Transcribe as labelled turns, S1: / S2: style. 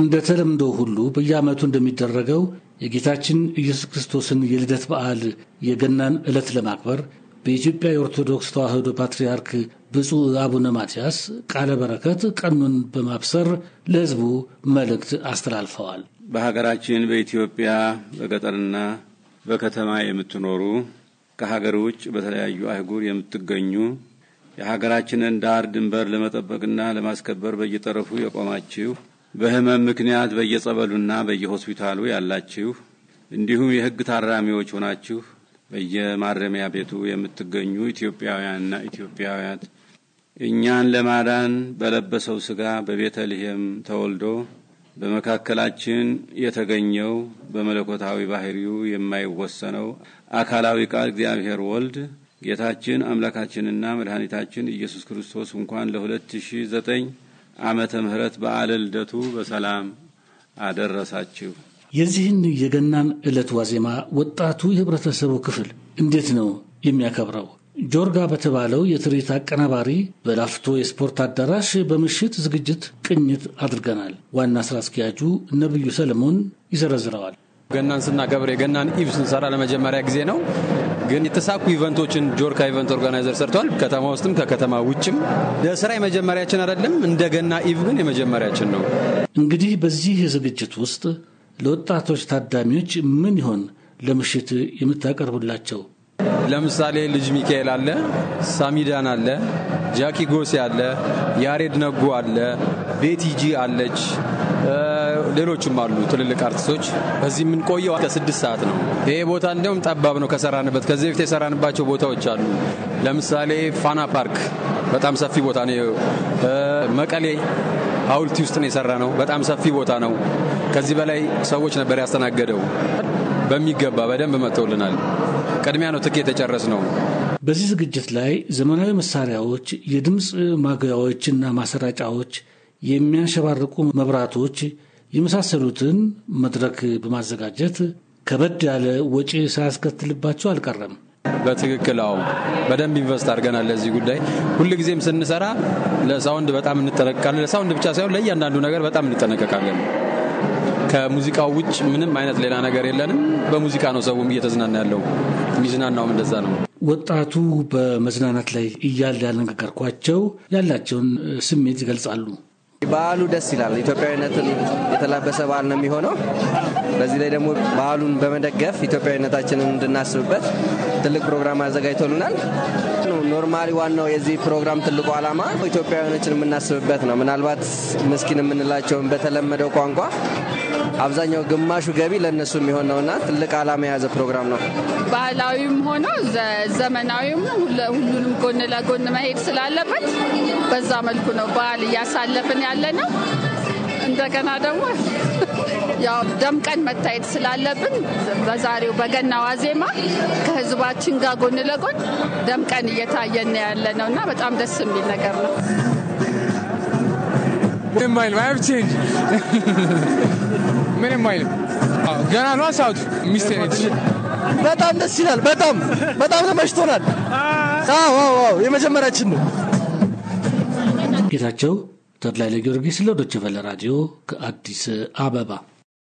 S1: እንደ ተለምዶ ሁሉ በየዓመቱ እንደሚደረገው የጌታችን ኢየሱስ ክርስቶስን የልደት በዓል የገናን ዕለት ለማክበር በኢትዮጵያ የኦርቶዶክስ ተዋሕዶ ፓትርያርክ ብፁዕ አቡነ ማትያስ ቃለ በረከት ቀኑን በማብሰር ለሕዝቡ መልእክት አስተላልፈዋል።
S2: በሀገራችን በኢትዮጵያ በገጠርና በከተማ የምትኖሩ ከሀገር ውጭ በተለያዩ አህጉር የምትገኙ የሀገራችንን ዳር ድንበር ለመጠበቅና ለማስከበር በየጠረፉ የቆማችሁ በህመም ምክንያት በየጸበሉና በየሆስፒታሉ ያላችሁ እንዲሁም የህግ ታራሚዎች ሆናችሁ በየማረሚያ ቤቱ የምትገኙ ኢትዮጵያውያንና ኢትዮጵያውያት እኛን ለማዳን በለበሰው ስጋ በቤተልሔም ተወልዶ በመካከላችን የተገኘው በመለኮታዊ ባህሪው የማይወሰነው አካላዊ ቃል እግዚአብሔር ወልድ ጌታችን አምላካችንና መድኃኒታችን ኢየሱስ ክርስቶስ እንኳን ለሁለት ሺ ዘጠኝ ዓመተ ምሕረት በዓለ ልደቱ በሰላም አደረሳችሁ።
S1: የዚህን የገናን ዕለት ዋዜማ ወጣቱ የህብረተሰቡ ክፍል እንዴት ነው የሚያከብረው? ጆርጋ በተባለው የትርኢት አቀናባሪ በላፍቶ የስፖርት አዳራሽ በምሽት ዝግጅት ቅኝት አድርገናል። ዋና ስራ አስኪያጁ ነብዩ ሰለሞን ይዘረዝረዋል።
S3: ገናን ስናከብር የገናን ኢብ ስንሰራ ለመጀመሪያ ጊዜ ነው። ግን የተሳኩ ኢቨንቶችን ጆርካ ኢቨንት ኦርጋናይዘር ሰርተዋል። ከተማ ውስጥም ከከተማ ውጭም ለስራ የመጀመሪያችን አይደለም። እንደገና ኢቭ ግን የመጀመሪያችን ነው። እንግዲህ
S1: በዚህ ዝግጅት ውስጥ ለወጣቶች ታዳሚዎች ምን ይሆን ለምሽት የምታቀርቡላቸው?
S3: ለምሳሌ ልጅ ሚካኤል አለ፣ ሳሚዳን አለ፣ ጃኪ ጎሴ አለ፣ ያሬድ ነጉ አለ፣ ቤቲጂ አለች ሌሎችም አሉ ትልልቅ አርቲስቶች። በዚህ የምንቆየው ከስድስት ሰዓት ነው። ይሄ ቦታ እንዲያውም ጠባብ ነው ከሰራንበት። ከዚህ በፊት የሰራንባቸው ቦታዎች አሉ። ለምሳሌ ፋና ፓርክ በጣም ሰፊ ቦታ ነው። መቀሌ ሐውልቲ ውስጥ ነው የሰራ ነው። በጣም ሰፊ ቦታ ነው። ከዚህ በላይ ሰዎች ነበር ያስተናገደው። በሚገባ በደንብ መጥተውልናል። ቅድሚያ ነው ትኬት የጨረስ ነው።
S1: በዚህ ዝግጅት ላይ ዘመናዊ መሳሪያዎች፣ የድምፅ ማጉያዎችና ማሰራጫዎች የሚያንሸባርቁ መብራቶች የመሳሰሉትን መድረክ በማዘጋጀት ከበድ ያለ ወጪ ሳያስከትልባቸው አልቀረም።
S3: በትክክል አዎ፣ በደንብ ኢንቨስት አድርገናል ለዚህ ጉዳይ። ሁልጊዜም ስንሰራ ለሳውንድ በጣም እንጠነቀቃለን። ለሳውንድ ብቻ ሳይሆን ለእያንዳንዱ ነገር በጣም እንጠነቀቃለን። ከሙዚቃው ውጭ ምንም አይነት ሌላ ነገር የለንም። በሙዚቃ ነው ሰውም እየተዝናና ያለው የሚዝናናውም እንደዛ ነው።
S1: ወጣቱ በመዝናናት ላይ እያለ ያነጋገርኳቸው ያላቸውን ስሜት ይገልጻሉ።
S3: በዓሉ ደስ ይላል። ኢትዮጵያዊነትን
S2: የተላበሰ በዓል ነው የሚሆነው። በዚህ ላይ ደግሞ በዓሉን በመደገፍ ኢትዮጵያዊነታችንን እንድናስብበት ትልቅ ፕሮግራም አዘጋጅቶልናል። ኖርማሊ ዋናው የዚህ ፕሮግራም ትልቁ ዓላማ ኢትዮጵያውያኖችን የምናስብበት ነው። ምናልባት ምስኪን የምንላቸውን በተለመደው ቋንቋ አብዛኛው ግማሹ ገቢ ለእነሱ የሚሆን ነውና ትልቅ ዓላማ የያዘ ፕሮግራም ነው። ባህላዊም ሆኖ ዘመናዊም ሁሉንም ጎን ለጎን መሄድ ስላለበት በዛ መልኩ ነው በዓል እያሳለፍን ያለ ነው። እንደገና ደግሞ ያው ደምቀን መታየት ስላለብን በዛሬው በገና ዋዜማ ከህዝባችን ጋር ጎን ለጎን ደምቀን እየታየን ያለ ነው እና በጣም ደስ የሚል ነገር ነው።
S3: ምንም አይልም። አይብቼ እንጂ ምንም አይልም። ገና ነው ሰዓቱ። ሚስቴ ነች። በጣም ደስ ይላል። በጣም በጣም ተመችቶናል። አዎ አዎ፣ የመጀመሪያችን ነው።
S1: ጌታቸው ተድላ ለጊዮርጊስ ለዶይቼ ቬለ ራዲዮ ከአዲስ አበባ